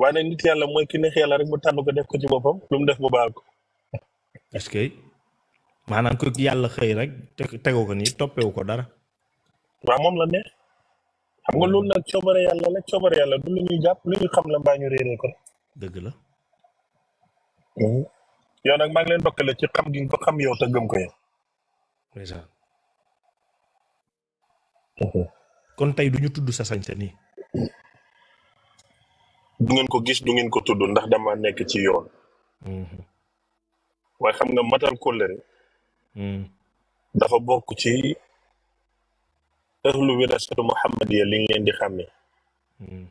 wane nit yalla moy ki neex yàlla rek mu tan ko def ko ci bopam lu mu def bu baax ko. est-ce que ko ku yàlla xëy rek tegu ko ni toppewu ko dara. wa mom la ne xam nga loolu nak ciobare yalla la ciobare yalla du lu ñuy japp lu ñu xam la mbaa ñu ko. deug la. Mhm. yo nak maa ngi leen bokkale ci xam gi ko xam yow ta gëm ko yow. Mhm. kon tay duñu tuddu sa sañte ni du ngeen ko gis du ngeen ko tudd ndax dama nekk ci yoon mhm. waaye xam nga matal kóllëre mhm. dafa bokk ci ahlu wirasatu muhammadiya li ngeen di hmm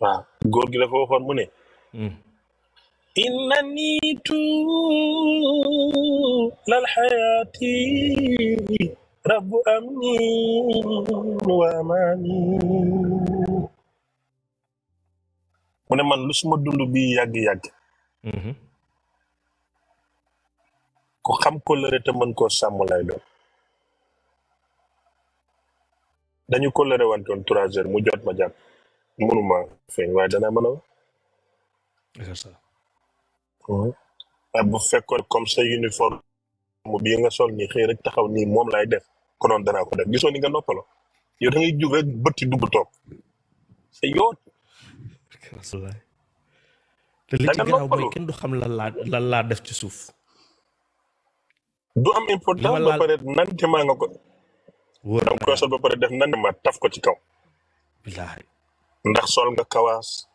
waaw góor gi dafa waxoon mu ne mhm. lal hayati Rabbu amni wa amani mu ne man lu suma dund bi yàgg-yàgg mm-hmm. ku xam kóllëre te mën koo sàmm lay doon dañu kóllëre wantoon trois heures mu jot ma jàpp mënuma feeñ waaye danaa mën a wax waaye mm-hmm. ah, bu fekkoon comme sa uniforme bi nga sol nii xëy rek taxaw nii moom lay def konoon danaa ko def gisoo ni nga noppaloo yow da ngay jug rek bëtti dugg toog te yow grâce la te li ci garaaw mooy kenn du xam lan laa lan laa def ci suuf du am importance ba pare nante maa nga ko wóor na ko sol ba pare def nante ma taf ko ci kaw bilaay ndax sol nga kawaas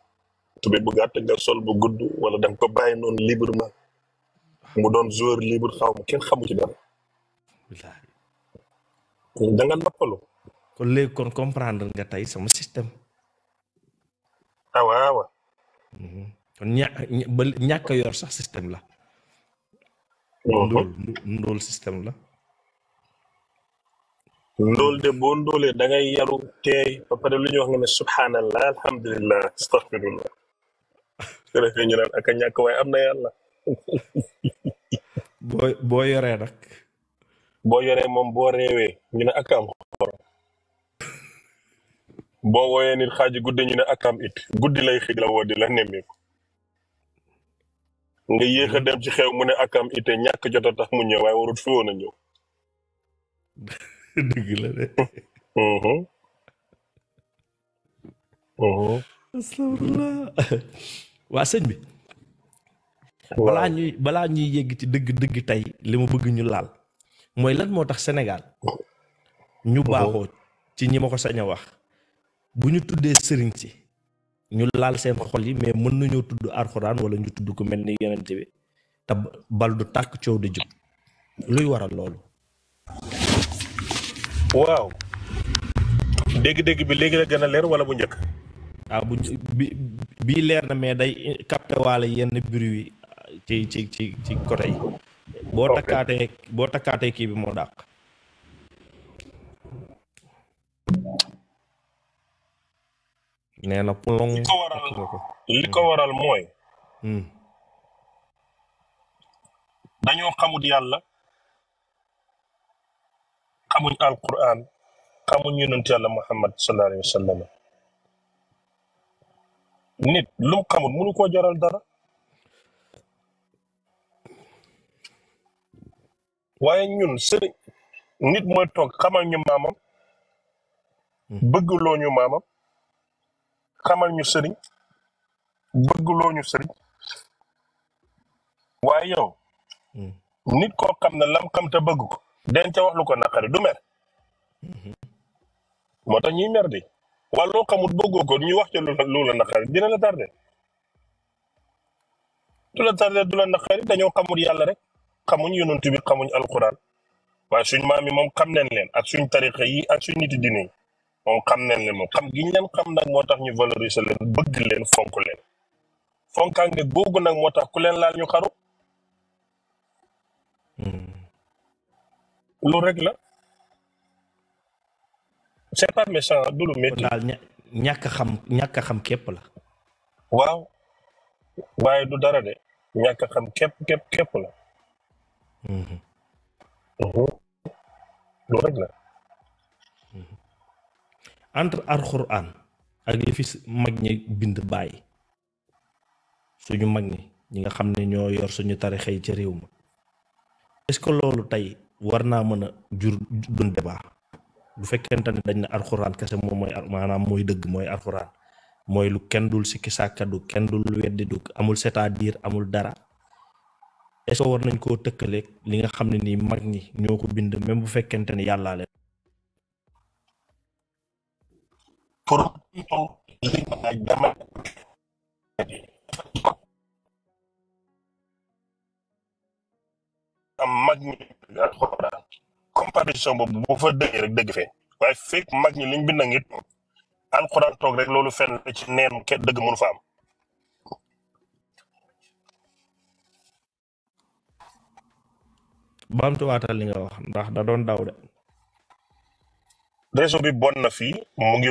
tubé bu gàtt nga sol bu gudd wala da nga ko bàyyi noonu librement mu doon joueur libre xaw ma kenn xamu ci dara bilaay da nga noppalu kon léegi kon comprendre nga tey sama système ah ñàkk a yor sax système la. ndóol ndóol la. ndóol de boo ndóolee da ngay yaru teey ba pare lu ñuy wax nga ne subhanallah alhamdulilah astaghfirullah ñàkk waaye am na yàlla. boo boo yoree nag. boo yoree moom boo reewee ñu ne ak am bo woyé nit xaji guddi ñu né akam it guddi lay xëy la woo di la ko nga yéxa dem ci xew mu né akam ité ñak jotta tax mu ñëw way warut fi wona ñëw. dëgg la de. Mm-hmm. Mm-hmm. astafurlah. waa sëñ bi. balaa ñuy balaa ñuy yegg ci dëgg dëgg tey li ma bëgg ñu laal mooy lan moo Sénégal. ñu mm-hmm. baaxoo ci ñi ma ko sañ wax. bu ñu tuddee sëriñ si ñu laal seen xol yi mais mën nañoo tudd arxuraan wala ñu tudd ko mel ni yonent bi te bal du tàkk coow du jub luy waral loolu. waaw. dégg-dégg bi léegi la gën a leer wala bu njëkk. waaw ah, bu bi bii leer na mais day capté yenn bruit yi ci ci ci ci côté yi. boo takkaatee boo takkaatee kii bi moo dàq. nee na polong li ko waral mooy. Hmm. dañoo xamut yàlla xamuñ alquran xamuñ yonent yàlla muhammad sallallahu alayhi wa nit lu mu xamut mënu koo jaral dara. waaye ñun sëriñ nit mooy toog xamal ñu maamam. Hmm. bëggloo ñu maamam. xamal sëriñ bëggloo ñu sëriñ waaye yow hmm. nit koo xam ne lam xam te bëgg ko den ca wax lu ko naqari du mer hmm. moo tax ñuy mer di wala loo xamut bëggoo ko ñuy wax ca lu la naqari dina la tardé du la tardé du la naqari dañoo xamul yàlla rek xamuñ yonent bi xamuñ alquran waaye suñ maam mi moom xam nañ leen ak suñ tariqa yi ak suñ niti diine yi moom xam nañ ne moom xam gi ñu leen xam nag moo tax ñu valoriser leen bëgg leen fonk leen fonkaange googu nag moo tax ku leen laal ñu xaru hmm. lu rek la c'est pas méchant du lu métti daal xam ñàkk xam képp la waaw waaye du dara de ñàkk xam képp képp képp la hmm. mhm. lu rek entre alxuraan ak li mag ñi bind bàyyi suñu mag ñi ñi nga xam ne ñoo yor suñu tarixa xëy ci réew ma est-ce que loolu tey war naa mën a jur doon débat bu fekkente ne dañ ne alxuraan kese moom mooy maanaam mooy dëgg mooy alxuraan mooy lu kenn dul sikki sàkka du kenn dul weddi du amul cest diir amul dara est war nañ koo tëkkaleeg li nga xam ne nii mag ñi ñoo ko bind même bu fekkente ni yàllaa Por tanto, lazima na mag ñi ak Alxuraan comparaison boobu boo fa dëggee rek dëgg fee waaye fekk mag ñi liñ bind a ngi Alxuraan toog rek loolu fenn la ci neen dëgg mënu fa am baamtuwaatal li nga wax ndax da doon daw de réseau bi bon na fii mu ngi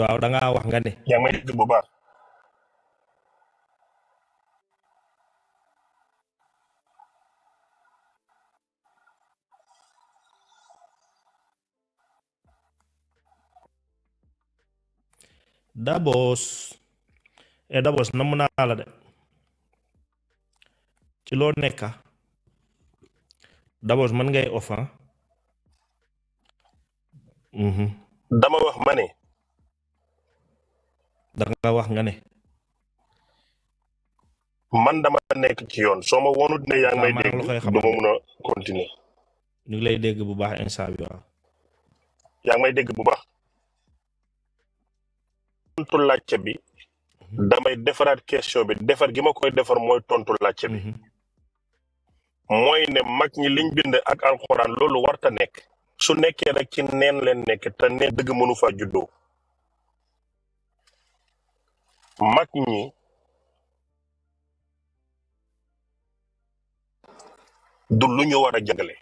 waaw da ngawang wax nga ne. yaa ngi may dégg bu baax. Dabos e eh, Dabos namm deh, la de ci loo nekka Dabos man ngay offan. Mhm. dama wax mané da nga wax nga ne. man dama nekk ci yoon soo ma wonut ne yaa ngi may dégg du ma mun a continuer. lay dégg bu baax instant bi waaw. yaa ngi may dégg bu baax. tontu laajte bi. Mhm. damay defaraat question bi defar gi ma koy defar mooy tontu laajte bi. Mhm. mooy ne mag ñi liñ bind ak alxuraan loolu warta nekk. su nekkee rek ci neen leen nekk te neen dëgg mënu faa juddoo. mag ñi du lu ñu war a jàngale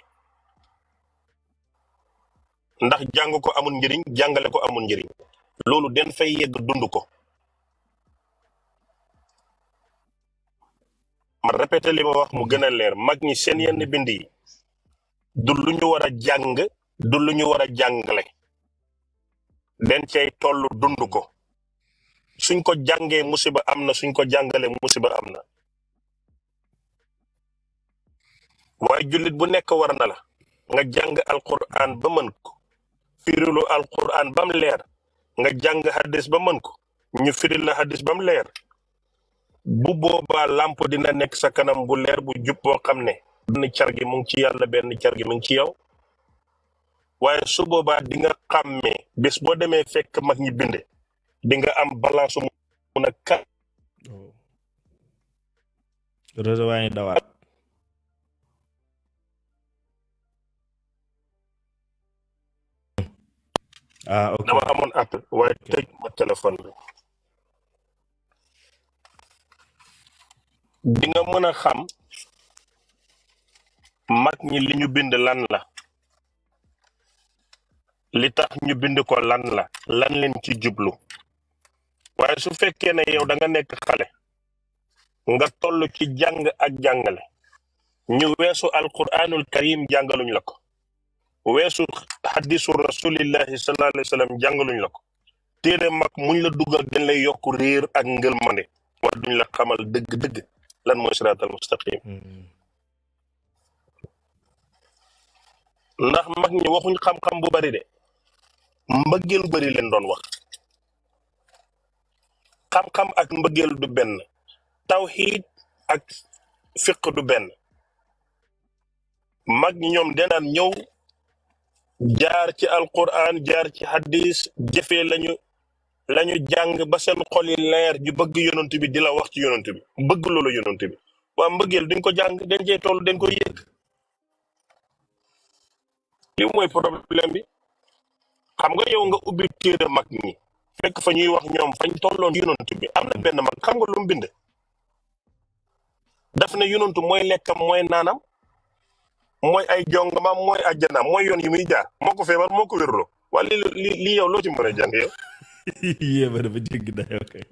ndax jàng ko amul njëriñ jàngale ko amul njëriñ loolu den fay yegg dund ko ma répété wax mu gën a leer mag ñi seen yenn bind yi du lu ñu war a jàng du lu ñu war a jàngale den cay toll dund ko suñ ko jàngee musiba am na suñ ko jàngale musiba am na waaye jullit bu nekk war na la nga jàng alquran ba mën ko firilu alquran bam leer nga jàng hadis ba mën ko ñu firil la hadis bam Buboba leer bu boobaa lamp dina nekk sa kanam bu leer bu jub boo xam ne benn car gi mu ngi ci yàlla benn car gi mu ngi ci yow waaye su boobaa di nga boo demee fekk mag ñi di nga am balance mu mun kat oh. kan. réseau baa ah ok dama amone app way tej ma telephone bi. di nga mën xam mag ñi li ñu bind lan la li tax ñu bind ko lan la lan leen ci jublu. waaye su fekkee ne yow da nga nekk xale nga toll ci jàng ak jàngale ñu weesu alquranul karim jàngaluñ la ko weesu xadisu rasulillahi sallallahu alayhi wa sallam jàngaluñ la ko téere mag muñ la duggal dañ lay yokk réer ak ngëlmande waaye duñ la xamal dëgg-dëgg lan mooy siraatal mustaqim hmm. ndax mag ñi waxuñ xam-xam bu bari de mbëggeel bari leen doon wax xam-xam ak mbëggeel du benn tawhid ak fiq du benn mag ñi ñoom denaan ñëw jaar ci alquran jaar ci hadis jëfee lañu lañu jàng ba seen xol yi leer ñu bëgg yonent bi di la wax ci yonent bi bëgg loolu yonent bi waa mbëggeel duñ ko jàng dañ cee toll dañ ko yëg li mooy problème bi xam nga yow nga ubbi téere mag ñi fekk fa ñuy wax ñoom fañ tolloon yonantu bi am na benn ma xam nga lu mu bind daf ne yonantu mooy lekkam mooy naanam mooy ay jongamaam mooy ajjanaam mooy yoon yi muy jaar moo ko feebar moo ko wérloo waa li li lii yow loo ci mën a jàng yow yéema dafa jégg dayoo kay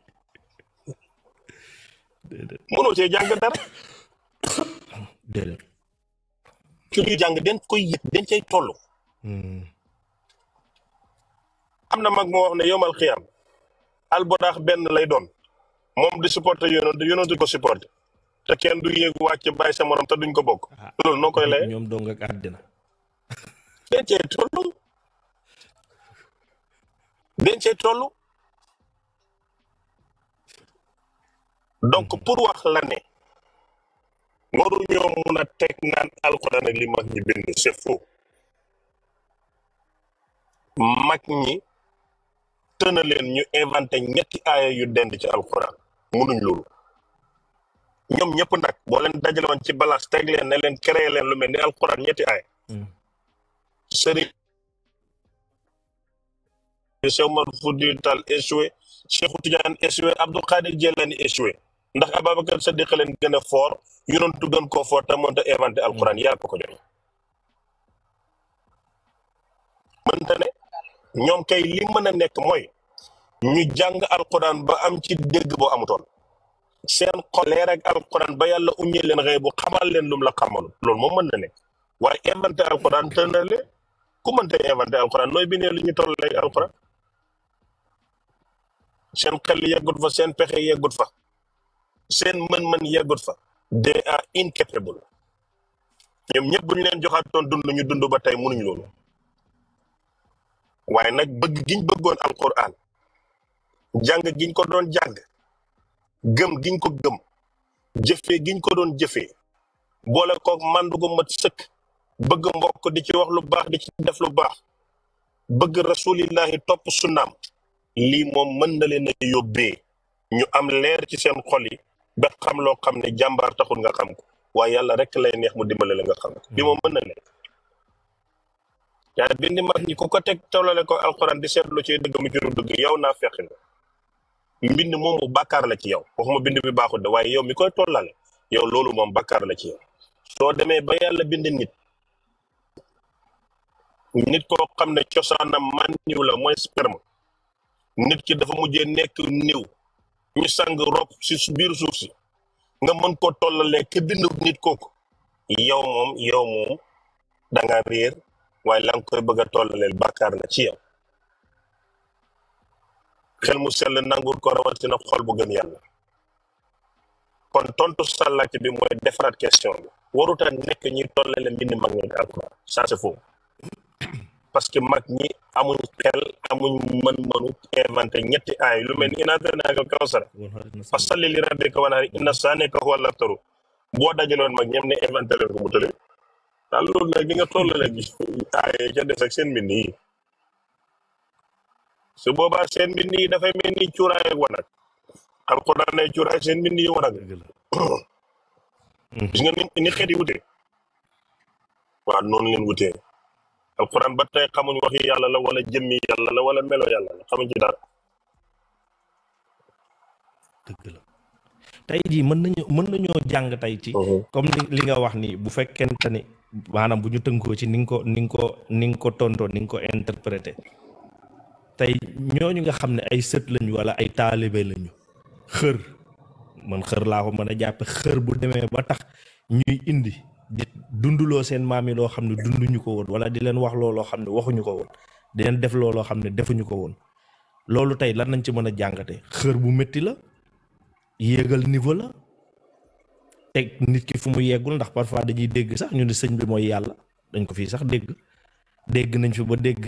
mënoo cee dara déedéet ci den koy yëg den cay toll hmm. am na mag moo wax ne yomal xiyam albodax benn lay doon moom di supporter yonent yonent ko supporter te kenn du yéegu wàcc bàyyi sa morom te duñ ko bokk. Ah. loolu noo koy lay ñoom dong mun a teg naan alxuraan li mag ñi bind c'est faux. mag ñi. tëna leen ñu inventé ñetti aaya yu dend ci alquran munuñ loolu ñoom ñëpp nag boo leen dajale ci balance teg leen ne leen créé leen lu mel ni alquran ñetti aaya hmm. sëriñ Cheikh Omar Foutiyou su échoué Cheikhu Tidiane échoué Abdou Khadir Jilani échoué ndax Ababacar Sadiq leen gën a fort yonentu gën koo fort te mënta inventé alquran hmm. yaa ko ko jox mënta ne ñoom kay li mën a nekk mooy ñu jàng alquran ba am ci dégg boo amutoon seen xol leer ak alquran ba yàlla uññee leen xëy bu xamal leen lum la xamoon loolu moom mën na nekk waaye inventé alquran tënale ku mën mënta inventé alquran nooy bindee lu ñu tollee alquran seen xel yeggut fa seen pexe yeggut fa seen mën-mën yeggut fa they a incapable ñoom ñëpp bu ñu leen joxaatoon dund ñu dund ba tey mënuñ loolu. waaye nag bëgg giñ bëggoon alquran jàng giñ ko doon jàng gëm giñ ko gëm jëfee giñ ko doon jëfee boole koog màndu gu mat sëkk bëgg mbokk di ci wax lu baax di ci def lu baax bëgg rasulillahi topp sunnaam lii moom mën na leen a yóbbee ñu am leer ci seen xol yi ba xam loo xam ne jàmbaar taxul nga xam ko waaye yàlla rek lay neex mu dimbale la nga xam bi moom mën na nekk ya bindi ma ni ku ko teg tolale ko alquran di setlu ci dëgg mu juru deug yow na fekk nga mom bu bakkar la ci yow waxuma bind bi baxu de way yow mi koy tolale yow lolu mom bakkar la ci yow so deme ba yalla bind nit nit koo xamne ne cosaanam man niw la moy sperme nit ki dafa mujjé nek niw ñu sang rop ci biir suuf ci nga mën ko tolale ke bindu nit koku yow mom yow mom da nga réer waye lang koy bëgg a bakkar na ci yow xel mu sel nangul ko rawati na xol bu gëm yalla kon tontu sàllaaj bi moy defrat question bi waruta nek ñi tollale mbind mag ñi encore ça c'est faux parce que mag ñi amuñ xel amuñ mën-mënu inventer ñetti ay lu mel ni inaata ko kawsar fa salli li rabbika wa la inna sanaka huwa al labtaru bo dajalon mag ñem ne inventer ko mu tëlee daal loolu nag ni nga toll nag taaye ca des ak seen mbind yi su boobaa seen mbind yi dafay mel ni cuuraay ak wanag alxuraan ne cuuraay seen mbind yi wanag gis nga ni ni xeet yi wute waaw noonu leen wutee alxuraan ba tey xamuñ waxi yàlla la wala jëmmi yàlla la wala melo yàlla la xamuñ ci dara dëgg la tey jii mën nañu mën nañoo jàng tey ci mm-hmm. comme li nga wax ni bu fekkente ni maanaam bu ñu tënkoo ci ni nga ko ni nga ko ni nga ko tontoo ni nga ko interprété tey ñoo ñu nga xam ne ay sët lañu wala ay taalibe lañu xër man xër laa ko mën a jàppe xër bu demee ba tax ñuy indi dunduloo seen maam yi loo xam ne dunduñu ko woon wala di leen wax looloo xam ne waxuñu ko woon di leen def looloo xam ne defuñu ko woon loolu tey lan nañ ci mën a jàngate xër bu métti la yéegal niveau la teg nit ki fu mu yeggul ndax parfois dañuy dégg sax ñu ne sëñ bi mooy yàlla dañ ko fii sax dégg dégg nañ fi ba dégg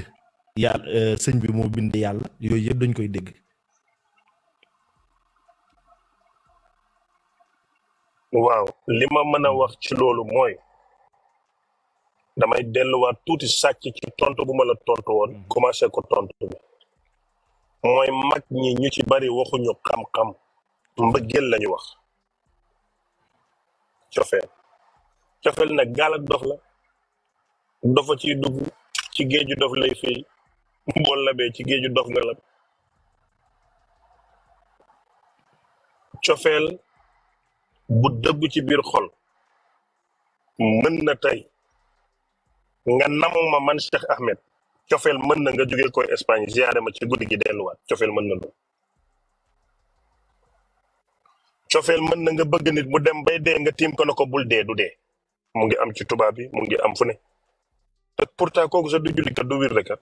yàlla euh, sëñ bi moo bind yàlla yooyu yëpp dañ koy dégg waaw li ma mën a wax ci loolu mooy damay delluwaat tuuti sàcc ci tontu bu ma la tontu woon mm-hmm. commencé ko tontu bi mooy mag ñi ñu ci bari waxuñu xam-xam mbëggeel lañu wax cofeel cofeel nag gaal ak dof la dofa ciy dugg ci géeju dof lay fii mbool la bee ci géeju dof nga la cofeel bu dëgg ci biir xol mën na tey nga nam ma man Cheikh Ahmed cofeel mën na nga jóge koy Espagne ziyaare ma ci guddi gi delluwaat cofeel mën na loolu cofeel mën na nga bëgg nit mu dem bay dee nga tiim ko na ko bul dee du dee mu ngi am ci tubaab bi mu ngi am fu ne te pourtant kooku sa du jullikat du wir rekat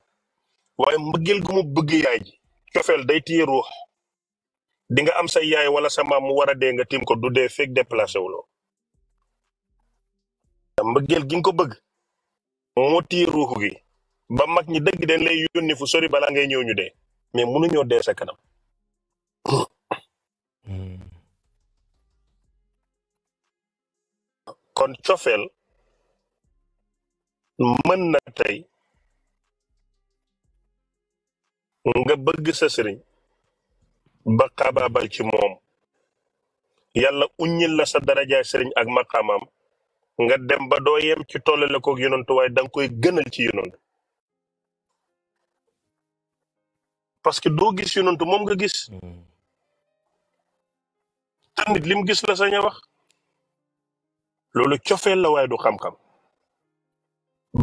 waaye mbëggeel gu mu bëgg yaay ji cofeel day téye ruux di nga am say yaay wala sa mu war a dee nga tiim ko du dee fekk déplacé wuloo mbëggeel gi ko bëgg moo téye ruux gi ba mag ñi dëgg dañ lay yónni fu sori bala ngay ñëw ñu dee mais mënuñoo dee sa kanam kon cofeel mën na tey nga bëgg sa sëriñ ba xabaabal ci moom yàlla uññil la sa darajaay sëriñ ak maqaamam nga dem ba doo yem ci tollale koog yonantu waaye da nga koy gënal ci yonantu parce que doo gis yonantu moom nga gis hmm. tamit lim gis la sañ wax loolu cofeel la waaye du xam-xam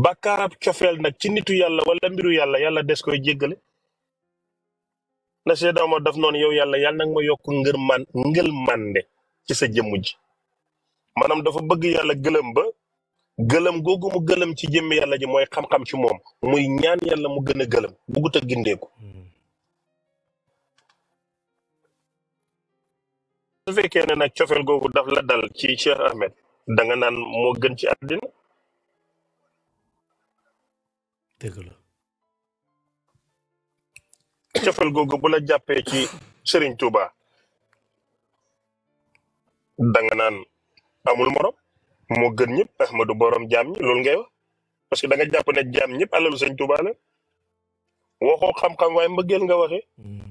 bàkkaarab cofeel nag ci nitu yàlla wala mbiru yàlla yàlla des koy jéggale na Seydou Omar daf noonu yow yàlla yàlla nag ma yokk ngër man ngël mande ci sa jëmm ji maanaam dafa bëgg yàlla gëlëm ba gëlëm googu mu gëlëm ci jëmm yàlla ji mooy xam-xam ci moom muy ñaan yàlla mu gën a gëlëm buggut a gindeeku su fekkee ne nag cofeel googu daf la dal ci Cheikh Ahmed da nga naan moo gën ci àddina dëgg la cofeel googu bu jàppee ci sëriñ Touba danga naan amul morom moo gën ñëpp Ahmadu borom jaam ñi loolu ngay parce que danga nga jàpp ne jaam ñëpp alalu sëriñ Touba la waxoo xam-xam waaye mbëggeel nga waxee mm.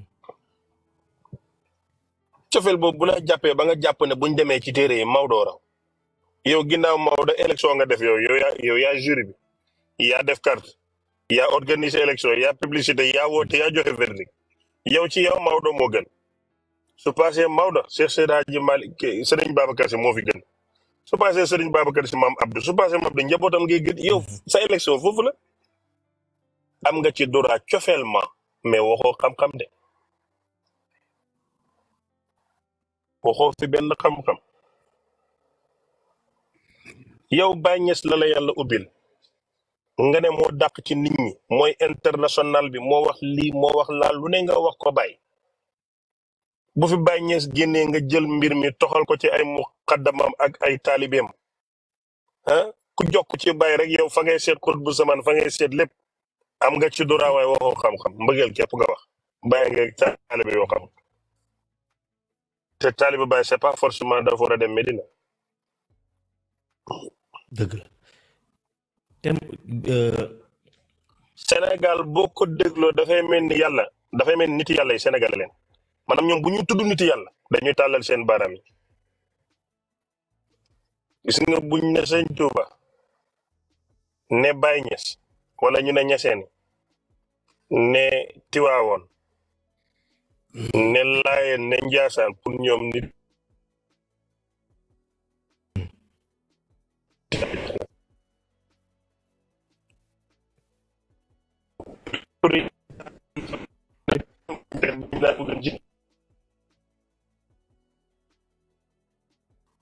cofeel boobu bu la jàppee ba nga jàpp ne buñ demee ci téere yi Maodo yow ginnaaw Maodo élection nga def yow yow yaa yow yaa bi yaa def carte ya organiser élection ya publicité yaa woote yaa joxe verdict yow ci yow Maodo moo gën su passé Maodo Cheikh Seydi Hadji Malick Serigne Babacar Sy moo fi gën su passé Serigne Babacar Sy maam Abdou su passé maam Abdou njabootam ngay gën yow sa élection foofu la am nga ci droit cofellement mais waxoo xam-xam de waxoo fi benn xam-xam. yow Baye Niass la la yàlla ubbil nga ne moo daq ci nit ñi mooy international bi moo wax lii moo wax laa lu ne nga wax ko bay bu fi Baye Niass génnee nga jël mbir mi toxal ko ci ay muqaddamam ak ay taalibeem ah ku jokk ci Baye rek yow fa ngay seet xut bu samaan fa ngay seet lépp am nga ci duraawaay waxoo xam-xam mbëggeel képp nga wax Baye nga taalibe yoo xam te taalibe Baye c'est pas forcément dafa war a dem Medina dëgg la te euh, Sénégal boo ko dégloo dafay mel ni yàlla dafay mel ni nit yàlla yi Sénégal leen ñoom bu ñu tudd nit yàlla dañuy tàllal seen baaraam yi gis nga buñ Tuuba ne Baay Ñas wala ñu ne ñeseen ne Tiwaawoon ne Laayeen ne Njaasaan pour ñoom nit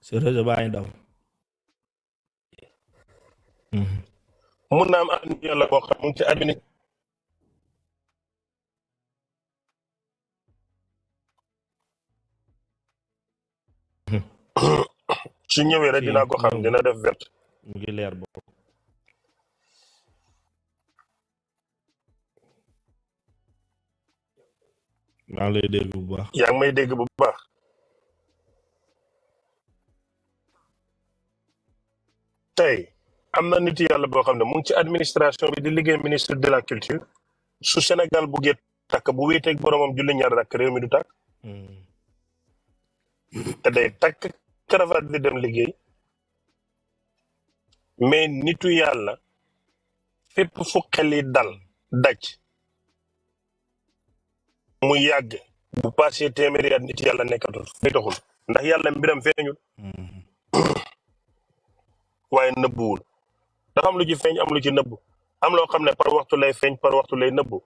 sërëjë bàyyi daw mun naa am ànd yàlla koo xam mu ngi ci abini su ñëwee rek dinaa ko xam dina def vert mu ngi leer boobu maa ngi lay dégg bu baax yaa ngi may dégg bu baax tey am na nit yàlla boo xam ne mu ngi administration bi di liggéey ministre de la culture su Sénégal buggee takk bu wéeteeg boromam julli ñaar rakk réew mi du tàkk hmm. te day dem nitu dal mu yàgg bu passé téeméeri at nit yàlla nekkatul fay taxul ndax yàlla mbiram feeñul mm-hmm. waaye nëbbuwul dafa am lu ci feeñ am lu ci nëbbu am loo xam ne par waxtu lay feeñ par waxtu lay nëbbu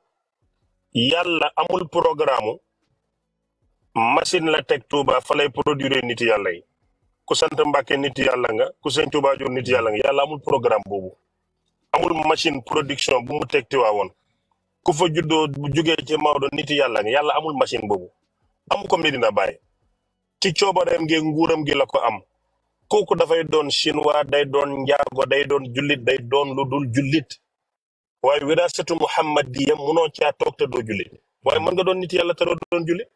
yàlla amul programme machine la teg Touba fa lay nit yàlla yi ku sant mbake nit yàlla nga ku sëñ Touba jur nit yàlla nga yàlla amul programme boobu amul machine production bu mu teg Tiwaawoon ku fa juddoo jugee ci Maodo nit yàlla nga yàlla amul machine boobu amu ko Medina Baye ci coobareem gi nguuram gi la ko am kooku dafay doon chinois day doon njaago day doon jullit day doon lu dul jullit waaye wirasatu muhammadiya munoo ci toog te doo jullit waaye mën nga doon nit yàlla te doo doon jullit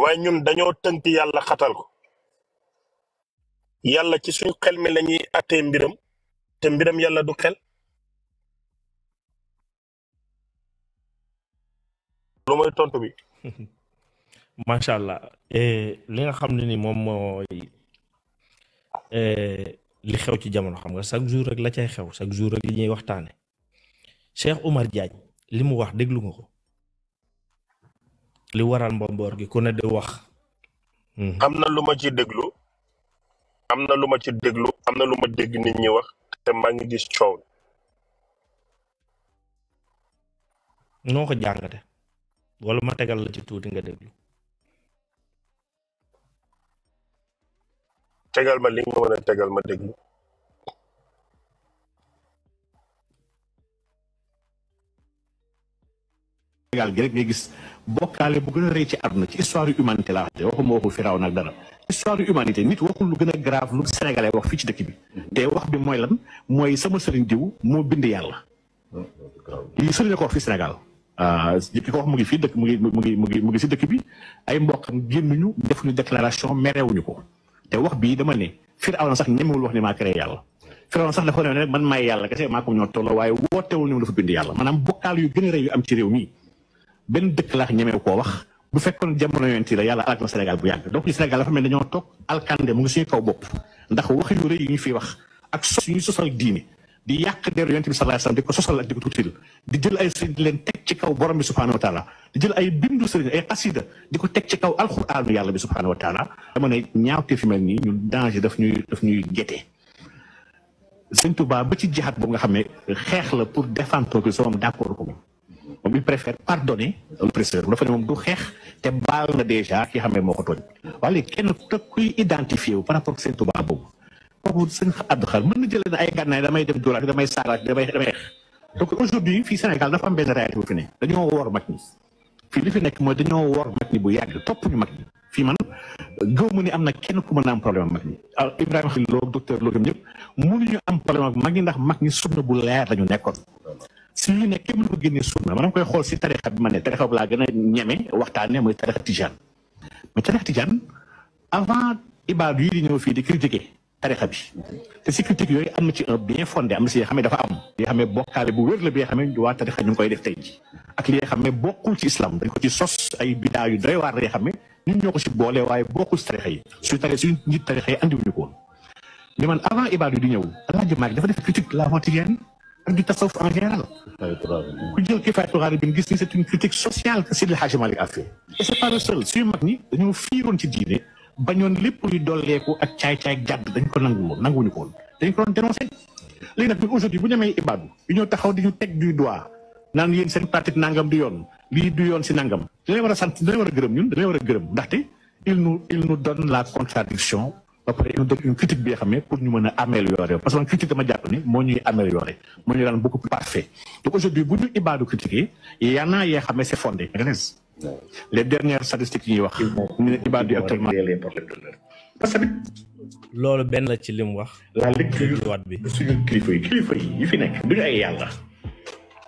waaye ñun dañoo tënk yàlla xatal ko yàlla ci suñ xel mi la ñuy mbiram te mbiram yàlla du xel loolu mooy tontu bi. macha allah eh, li nga xam ne ni moom mooy eh, li xew ci jamono xam nga chaque jour rek la cay xew chaque jour rek li ñuy waxtaane Cheikh Oumar Diagne li mu wax déglu nga ko li waral mbomboor gi ku ne di wax. Hmm. am na lu ma ci déglu am na lu ma ci déglu am na lu ma dégg nit ñi wax te maa ngi gis coow. noo ko jàngate. wala ma tegal la ci tuuti nga déglu tegal ma li nga mën tegal ma déglu Sénégal gi rek ngay gis bokkaale bu gën a rëy ci àdduna ci histoire yu humanité laa te waxuma waxu firaw nag dara histoire humanité nit waxul lu gën a grave lu sénégalais wax fii ci dëkk bi te wax bi lan sama sëriñ diw moo bind yalla lii sëriñ ko fi Sénégal ñi euh, ko wax mu ngi fii dëkk mu ngi mu ngi mu ngi mu ngi si dëkk bi ay mbokkam génnuñu defuñu déclaration merewuñu ko te wax bii dama ne Firawna sax ñemewul wax ne maa créé yàlla Firawna sax dafa ne ne man maay yàlla kese maa ko ñoo tolloo waaye wootewul ne mu dafa bind yàlla maanaam bokkaal yu a rëy yu am ci réew mi benn dëkk laax ñemew koo wax bu fekkoon jamono yonent la yàlla alak na Sénégal bu yàgg donc ñu dafa mel dañoo toog alkande mu ngi suñu kaw bopp ndax wax yu rëy ñu fiy wax ak di yàq deru yonent bi sallallahu alayhi wasallam di ko sosal ak di ko tuutil di jël ay sëriñ leen teg ci kaw borom bi subhanahu wa taala di jël ay bindu sëriñ ay xasida di ko teg ci kaw alxuraanu yàlla bi subhanahu wa taala dama ne ñaawte fi mel nii ñun danger daf ñuy daf ñuy gétee sëñ Touba ba ci jihaat boobu nga xam ne xeex la pour défendre ko sama d'accord ko moom moom il préfère pardonner l'oppresseur dafa ne moom du xeex te baal na déjà ki xam ne moo ko tooñ waaye léegi kenn ku kooku sëñ Abdou Khadre mën na jëlee ay gànnaay damay dem dóoraat damay saagaat damay damay donc aujourd'hui fii Sénégal dafa am benn réalité bu fi ne dañoo wor mag ñi fii li fi nekk mooy dañoo wor mag ñi bu topp ñu mag ñi fii man gëw ma ni am na kenn ku mën a am problème ak mag ñi Lo docteur Lo am problème ak mag ñi ndax mag ñi sunna bu leer la ñu nekkoon si ñu nekk kenn mënu ko génnee sunna maanaam koy xool si tarixa bi ma ne tarixa bu laa gën a ñeme waxtaanee mooy tarixa tijaan mais tarixa tijaan avant ibaadu yi di ñëw fii di critiquer tarixa bi te critique yooyu am na ci un bien fondé am na si yoo xam ne dafa am yoo xam ne bokkaale bu wér la bi nga xam ne waa tarixa ñu ngi koy def tey ji ak li nga bokkul ci islam dañ ko ci sos ay bidaa yu doy waar yoo xam ne ñoo ko si boole waaye bokkul si tarixa yi su tari suñ nit tarixa yi andiwuñu ko woon man avant ibaadu di ñëw Alaaji Maalik dafa def critique la tidiane ak du tasawuf en général ku jël ki fayturaari bi gis ni c'est une critique a fait et c'est ci diine bañoon lépp luy dolleeku ak caay-caay jàdd dañ ko nangu woon nanguwuñu ko woon dañ ko doon dénoncé léegi nag ñun aujourd'hui bu ñu ibaadu yu ñoo taxaw di ñu teg du doigt naan yéen seen pratique nangam du yoon lii du yoon si nangam dañoo war a sant dañoo war a gërëm ñun dañoo war a gërëm ndaxte il nous il nous donne la contradiction ba pare critique bi nga xam ne pour ñu mën a améliorer parce que man critique dama jàpp ni moo ñuy améliorer moo ñuy daan beaucoup plus y xam les dernières statistiques yi ñuy wax. ñu ne Ibadan actuellement les problèmes de l'heure parce que. loolu benn la ci li mu wax. la lecture bi suñu kilifa yi kilifa yi yi fi nekk duñu ay yàlla.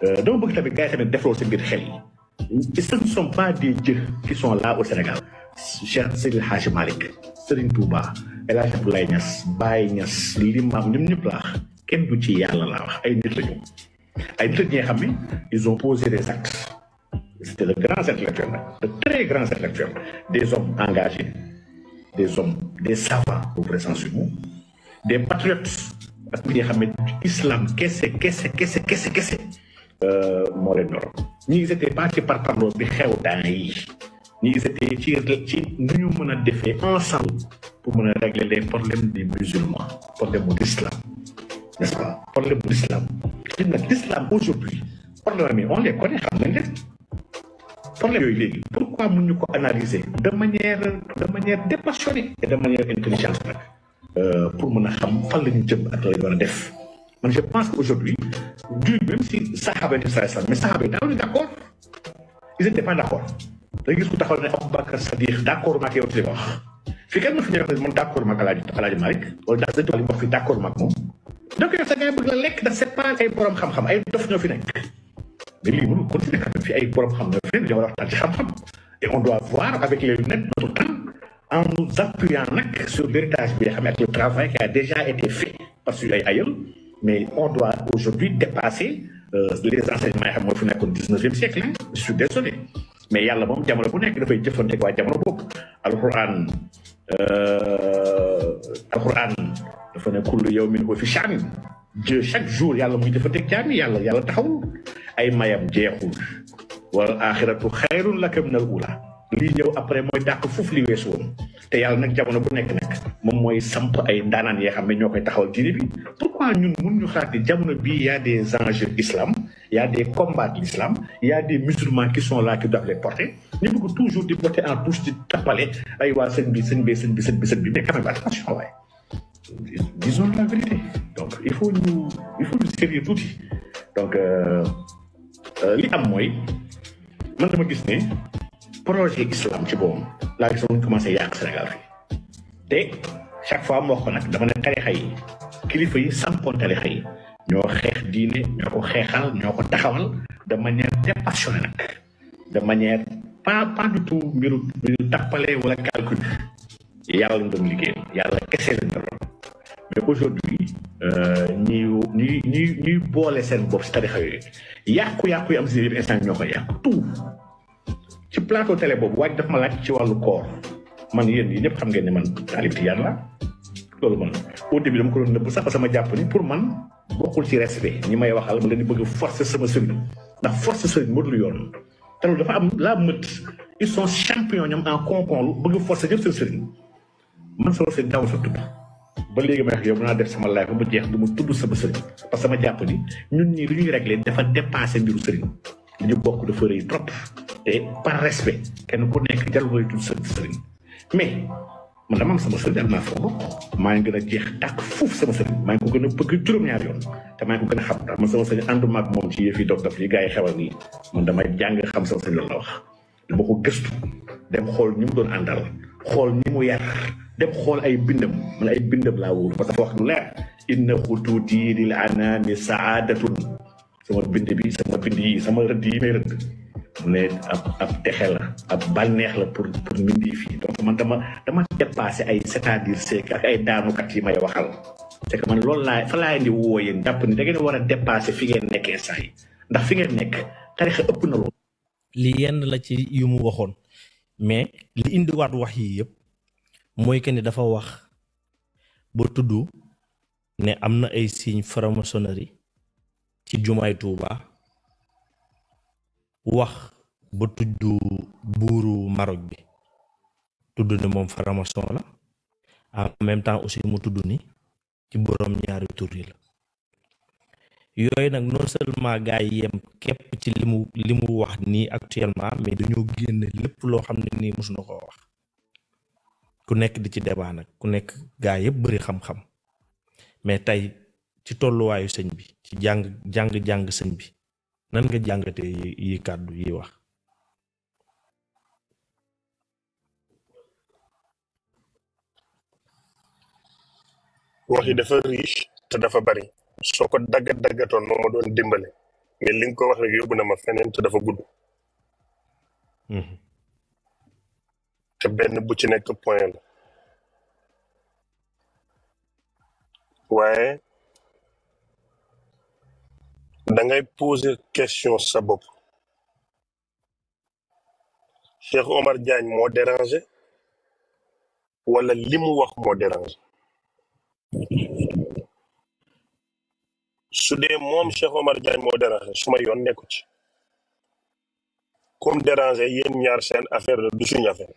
Euh, dama bëgg tamit gars yi tamit defloo seen biir xel yi. ce ne sont pas des jëf qui sont là au Sénégal. Cheikh Seydil Hadji Malick Serigne Touba El Hadj Abdoulaye Niass Baye Limam ñoom ñëpp laax kenn du ci yàlla laa wax ay nit lañu ay nit ñi nga xam ne ils ont posé des actes. C'était de grands intellectuels, hein. de très grands intellectuels, des hommes engagés, des hommes, des savants, au présent sur nous, des patriotes. Parce que l'islam, qu'est-ce, qu'est-ce, qu'est-ce, qu'est-ce, qu'est-ce euh, leen ñoroon Ils c'était pas par par bi xew daan Ils étaient, c'était ci ci Nous, ñu mën a ensemble pour me régler les problèmes des musulmans problèmes de l'islam n'est-ce pas Problèmes de l'islam l'islam aujourd'hui on les connaît problème yooyu léegi pourquoi mun ñu ko analyser de manière de manière dépassionnée et de manière intelligente nag euh, pour mën a xam fan la ñu jëm ak la ñu war a def man je pense que aujourd'hui du même si sahaba yi sahaba mais sahaba yi daawuñu d' accord ils étaient pas d' accord da gis ku taxaw ne Aboubacar Sadiq d' accord maak yow ci wax fi kenn ma fi ñëw man d' accord maak Alaaji Alaaji Malick wala daa dañu wax fi d' accord maak moom donc yow sa ngay bëgg la lekk da c' pas ay borom xam-xam ay dof ñoo fi nekk mais lui, mënul continuer de Nous le et on doit voir avec les lunettes notre temps en nous appuyant sur le travail qui a déjà été fait par mais on doit aujourd'hui dépasser euh, les enseignements qui ont siècle hein. je suis désolé mais il y a le monde. Dieu chaque jour yàlla muy dafa teg jaam yi yàlla yàlla taxawul ay mayam jeexul wal axiratu xayrun laka min al ula lii ñëw après mooy dàq foofu li weesu woon te yàlla nag jamono bu nekk nag moom mooy samp ay ndaanaan yoo xam ne ñoo koy taxawal diine bi pourquoi ñun mun ñu xalaat ne jamono bii y a des enjeux islam y a des combats de l'islam y a des musulmans qui sont là qui doivent les porter ñu bëgg toujours di porter en touche di tappale ay waa sëñ bi sëñ bi sëñ bi sëñ bi donc il faut ñu il faut ñu sérieux tuuti donc euh, euh, li am moy man dama gis ne projet islam ci boobam laa gis moom commencé yàq Sénégal fii te chaque fois mo ko nak dama ne tarixa xay kilifa yi sampoon tarixa yi ñoo xeex diine ñoo ko xeexal ñoo ko taxawal de manière dépassionnée nak de manière pas pas du tout mbiru tapalé wala calcul yalla lañ doon yalla kessé kese mais aujourd'hui ñi ñi ñi ñuy boole seen bopp si tarixa yooyu yàqu yàqu yi am si yëpp instant ñoo ko yàqu tout ci plateau télé boobu waj daf ma laaj ci walu koor man yeen yi ñep xam ngeen ni man talib tiyaan la lolu man au début dama ko doon neub sax sama japp ni pour man bokul ci respect ñi may waxal ma leen bëgg forcer sama sëñ ndax forcer mo lu yoon té lolu dafa am la meut ils sont champions ñom en concon bëgg forcer jëf sëñ man sama sëriñ daaw sa tudd ba léegi may wax yow def sama live ba jeex du ma tudd sama sëriñ parce que ma jàpp ni ñun ñi lu ñuy réglé dafa dépassé mbiru sëriñ ñu bokk dafa rëy trop te par respect kenn ku nekk jal koy tudd sa sëriñ mais man dama am sama sëriñ am naa foofu maa ngi gën a jeex tàkk fuuf sama sëriñ maa ngi ko gën a bëgg juróom-ñaar yoon te maa ngi ko gën a xam ndax man sama sëriñ ànduma ak moom ci yëf yi dof dof yi gars yi xewal nii man dama jàng xam sama sëriñ loolu la wax dama ko gëstu dem xool ñi mu doon àndal xool ñi mu yar dem xool ay bindam man ay bindam laa wóolu parce que dafa wax lu leer inna xutuuti lil anaami saadatun sama bind bi sama bind yi sama rëdd yi may rëdd ne ab texe la ab bànneex la pour pour fii donc man dama dama dépassé ay c'est-à-dire seek ak ay daanukat yi may waxal c'est que man loolu laa fa laa indi wooyeen jàpp ni danga ngeen war a dépassé fi ngeen nekkee sax ndax fi ngeen nekk tarixa ëpp na loolu li yenn la ci yu mu waxoon mais li indi waat wax yi yëpp moy que dafa wax bo tuddu ne amna ay signe franc-maçonnerie ci jumaay touba wax ba tuddu buru Maroc bi tuddu ne mom franc-maçon la en même temps aussi mu tuddu ni ci borom ñaari tur la yoy nak non seulement gaay yem kep ci limu limu wax ni actuellement mais dañu lepp lo xamni ni wax ku nek di ci débat nak ku nek gaay yeb bëri xam-xam mais tay ci wayu señ bi ci jang jang jang señ bi nan nga jangate yi kaddu yi wax. wax yi dafa riche te dafa bari soo ko daggat daggatoon moo ma doon dimbale mais li nga ko wax rek yóbbu na ma feneen te dafa gudd. Mhm. te benn bu ci nekk point la waaye da ngay poser question sa bopp Cheikh Omar Diagne moo dérangé wala li mu wax moo dérangé su dee moom Cheikh Omar Diagne moo dérangé suma ma yoon nekku ci comme dérangé yéen ñaar seen affaire la du suñu affaire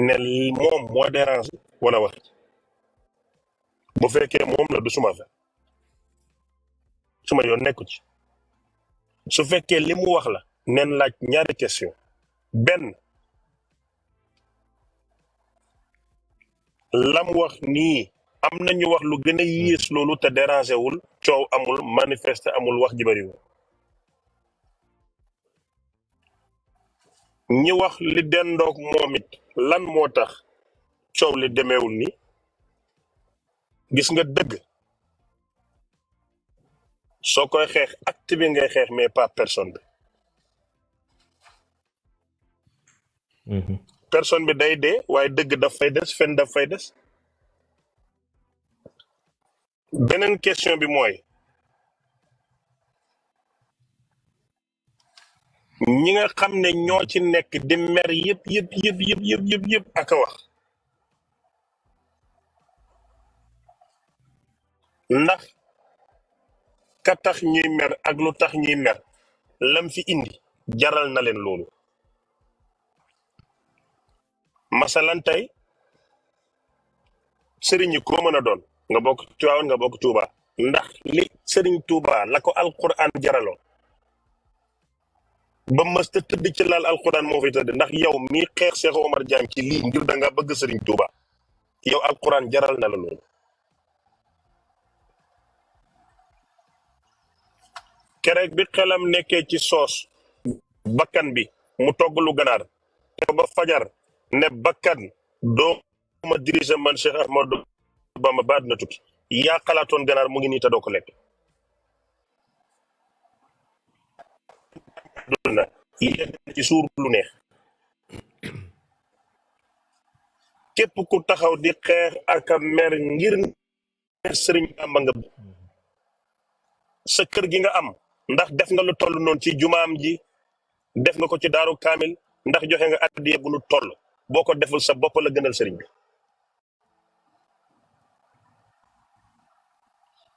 ne mom moo déranger wala wax bu féké mom la du suma fe suma yo nekku ci su féké li mu wax la nen laaj ñaari question ben lam wax ni am nañu wax lu gëna yees lolu loolu te dérangé wul ciow amul manifeste amul wax ji bariwul ñi wax li dendoog moom it lan moo tax coow li demeewul ni gis nga dëgg soo koy xeex acte ngay xeex mais pas personne bi mm-hmm. personne bi day dee waaye dëgg daf fay des fen daf des beneen question bi mooy ñi nga xam ne ñoo ci nekk di mer yëpp yëpp yëpp yëpp yëpp yëpp yëpp ak a wax ndax ka tax ñuy mer ak lu tax ñuy mer lam fi indi jaral na leen loolu masalan tey sëriñ yi koo mën a doon nga bokk tuwaawan nga bokk tuuba ndax li sëriñ tuuba la alquran jaraloon ba di celal tëdd ci laal alquran moo fi tëdd ndax yow mii xeex Cheikh Omar Diagne ci lii ngir da nga bëgg Serigne Touba yow alquran jaral na la loolu kereeg bi xelam nekkee ci soos bakkan bi mu togg lu ganaar te ba fajar ne bakkan do ma diriger man Cheikh Ahmadou Bamba baat na tukki yaa xalaatoon ganaar mu ngi nii te doo ko lekk Iya, yéen ci sour lu neex kep ku taxaw di xex ak mer ngir serigne Bamba nga sa kër gi nga am ndax def nga lu toll non ci jumaam ji def nga ko ci daru kamil ndax joxe nga addiye bu lu toll boko deful sa bop la gënal serigne bi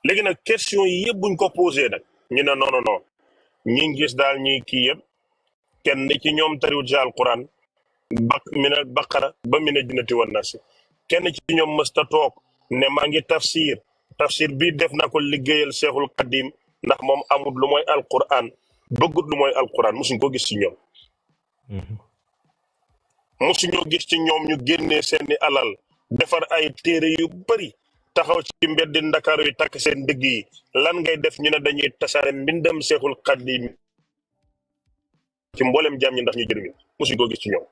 léegi question yi buñ ko poser nak ñu non non non ñi gis daal ñi kii yëpp kenn ci ñoom tariwut ci alquran bak min al baqara ba min a jinnati wan nas kenn ci ñoom mësta toog ne maa ngi tafsir tafsir bi def na ko liggéeyal seexul xadim ndax moom amul lu mooy alquran bëggut lu mooy alquran mosuñ ko gis ci ñoom mosuñoo mm-hmm. gis ci ñoom ñu génnee seeni alal defar ay téere yu bari taxaw ci mbedd ndakar wi tak seen digg yi lan ngay def ñu ne dañuy tasaare mbindam cheikhul qadim ci mboolem jam ñi ndax ñu jëriñu musu koo gis ci ñoom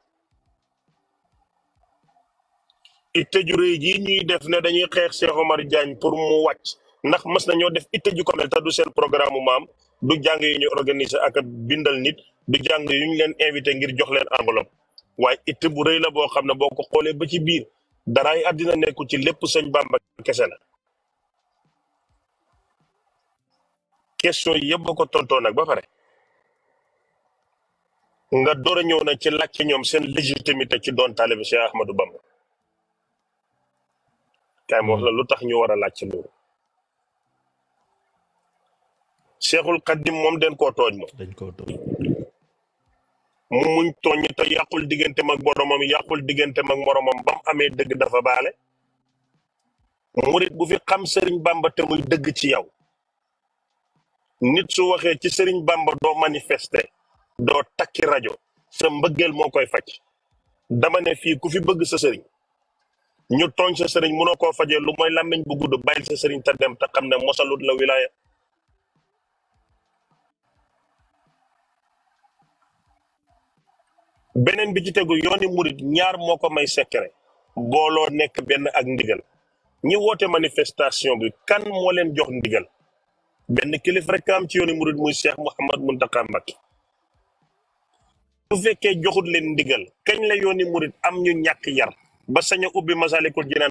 itte ju rëy ji ñuy def ne dañuy xeex Cheikh Omar Diagne pour mu wàcc ndax mas na ñoo def itte ju ko mel te du seen programme maam du jàng yi ñu organiser ak bindal nit du jàng yu ñu leen invité ngir jox leen enveloppe waaye itte bu rëy la boo xam ne boo ko xoolee ba ci biir daraay àddina nekku ci lépp sëñ Bàmba kese la question yi yëpp ko tontoo nag ba pare nga door a ñëw na ci làkk ñoom seen légitimité ci doon taalibe Cheikh Ahmadou Bamba kaay ma wax la lu tax ñu war a laaj ci loolu Cheikhul Xadim moom den koo tooñ moom dañ mu muñ tooñ te yàqul diggante mag boromam yàqul diggante mag moromam ba mu amee dëgg dafa baale murit bu fi xam sëriñ bamba te muy dëgg ci yow nit su waxee ci sëriñ bamba doo manifester doo takki rajo sa mbëggeel moo koy faj dama ne fii ku fi bëgg sa sëriñ ñu tooñ sa sëriñ mënoo koo fajee lu mooy làmmiñ bu gudd bàyyil sa sëriñ te dem te xam ne mosalut la wilaaya beneen bi ci tegu yooni murit ñaar moo ko may secret booloo nekk benn ak ndigal ñi woote manifestation bi kan moo leen jox ndigal benn kilifa rek am ci yooni murit muy Cheikh Mouhamad Mountakha Mbacké su fekkee joxut leen ndigal kañ la yooni murit am ñu ñàkk yar ba sañ a ubbi Masalikul Jinaan